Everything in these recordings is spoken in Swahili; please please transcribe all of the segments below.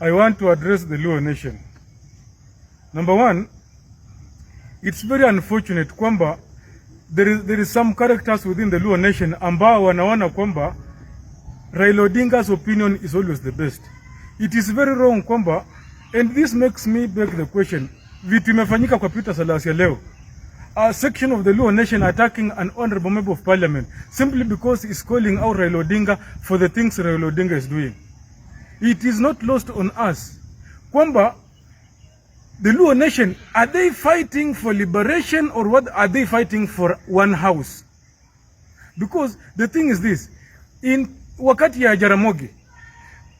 I want to address the Luo nation. Number one, it's very unfortunate kwamba there is, there is some characters within the Luo nation ambao wanaona kwamba Raila Odinga's opinion is always the best. It is very wrong kwamba and this makes me beg the question, vitu imefanyika kwa Peter Salasya leo. A section of the Luo nation attacking an honorable member of parliament simply because he's calling out Raila Odinga for the things Raila Odinga is doing it is not lost on us kwamba the Luo nation are they fighting for liberation or what are they fighting for one house because the thing is this in wakati ya Jaramogi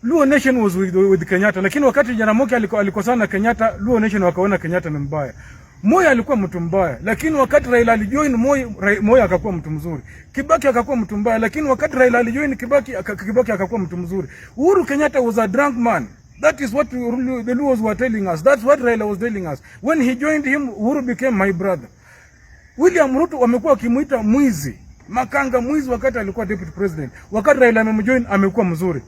Luo nation was with, with Kenyatta lakini wakati Jaramogi alikosana na Kenyatta Luo nation wakaona Kenyatta ni mbaya Moi alikuwa mtu mbaya, lakini wakati Raila alijoin Moi, Moi akakuwa mtu mzuri. Kibaki akakuwa mtu mbaya, lakini wakati Raila alijoin Kibaki, Kibaki akakuwa mtu mzuri. Uhuru Kenyatta was a drunk man. That is what the Luos were telling us. That's what Raila was telling us. When he joined him, Uhuru became my brother. William Ruto wamekuwa wakimuita mwizi, makanga mwizi wakati alikuwa deputy president. Wakati Raila amemjoin amekuwa mzuri.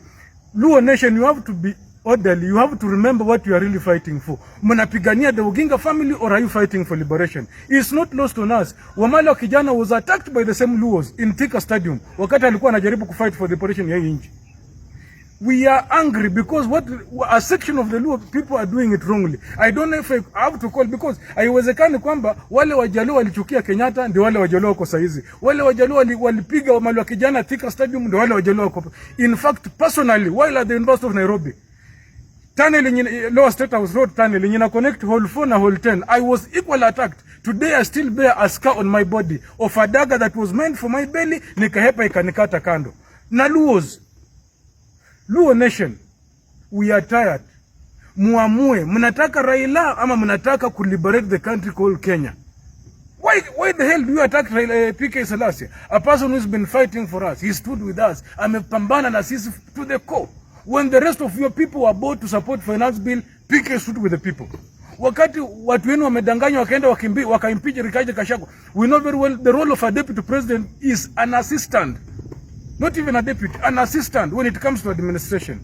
Luo Nation, you have to be orderly, you have to remember what you are really fighting for. Mnapigania the Uginga family or are you fighting for liberation? It's not lost on us. Wamala kijana was attacked by the same Luos in Thika Stadium wakati alikuwa anajaribu kufight for the liberation ya nchi. We are angry because what a section of the Luo people are doing it wrongly. I don't know if I have to call because haiwezekani kwamba wale wajaluo walichukia Kenyatta ndio wale wajaluo wako saizi. Wale wajaluo walipiga wamali wa kijana Thika Stadium ndio wale wajaluo wako. In fact, personally, while at the University of Nairobi, tunnel yenye eh, Lower State House Road tunnel yenye na connect hall 4 na hall 10 I was equally attacked today I still bear a scar on my body of a dagger that was meant for my belly nikahepa ikanikata kando na Luos Luo nation we are tired muamue mnataka Raila ama mnataka liberate the country called Kenya Why, why the hell do you attack uh, eh, PK Selassie? A person who's been fighting for us. He stood with us. Amepambana na sisi to the core. When the rest of your people were bought to support finance bill, pick a suit with the people. Wakati watu wenu wamedanganywa wakaenda wakimbi wakaimpeach Rigathi Gachagua. We know very well the role of a deputy president is an assistant. Not even a deputy, an assistant when it comes to administration.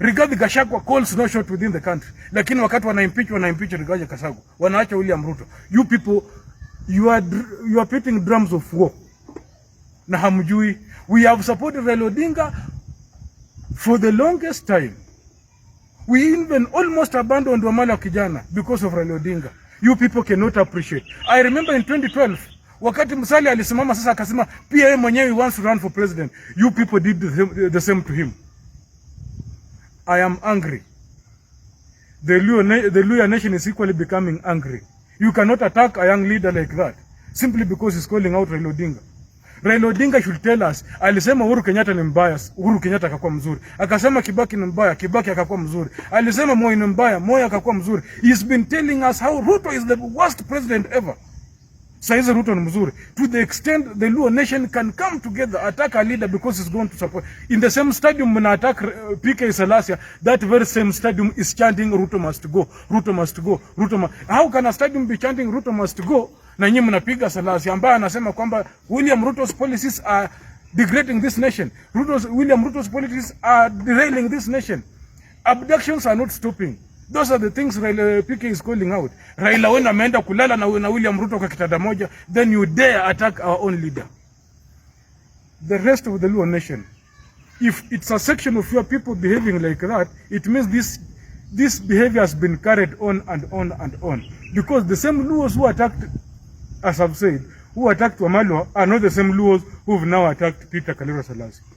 Rigathi Gachagua calls no shot within the country. Lakini wakati wanaimpeach wanaimpeach Rigathi Gachagua. Wanaacha William Ruto. You people you are you are beating drums of war. Na hamjui we have supported Raila Odinga For the longest time, we even almost abandoned Wamala Kijana because of Raila Odinga. You people cannot appreciate. I remember in 2012, wakati Musalia alisimama sasa akasema pia yeye mwenyewe wants to run for president. You people did the same, the same to him. I am angry. The Luo, the Luo nation is equally becoming angry. You cannot attack a young leader like that simply because he's calling out Raila Odinga. Raila Odinga should tell us. Alisema Uhuru Kenyatta ni mbaya, Uhuru Kenyatta akakuwa mzuri. Akasema Kibaki ni mbaya, Kibaki akakuwa mzuri. Alisema Moi ni mbaya, Moi akakuwa mzuri. He's been telling us how Ruto is the worst president ever. Saizi Ruto ni mzuri to the extent the Luo nation can come together attack a leader because he's going to support in the same stadium mna attack uh, PK Salasya that very same stadium is chanting Ruto must go Ruto must go Ruto must how can a stadium be chanting Ruto must go na nyinyi mnapiga Salasya ambaye anasema kwamba William Ruto's policies are degrading this nation Ruto's William Ruto's policies are derailing this nation abductions are not stopping Those are the things Raila uh, PK is calling out. Raila wena ameenda kulala na, na William Ruto kwa kitanda moja, then you dare attack our own leader. The rest of the Luo nation, if it's a section of your people behaving like that, it means this this behavior has been carried on and on and on. Because the same Luos who attacked, as I've said, who attacked Wamalwa are not the same Luos who've now attacked Peter Kalira Salasi.